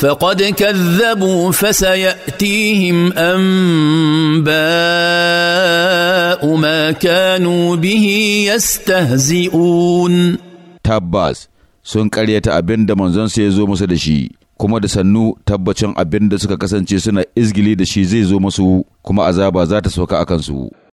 فقد كذبوا فسيأتيهم أنباء ما كانوا به يستهزئون تباس sun karyata abin da manzonsa ya zo musu da shi kuma da sannu tabbacin abin da suka kasance suna izgili da shi zai zo musu kuma azaba za ta sauka a kansu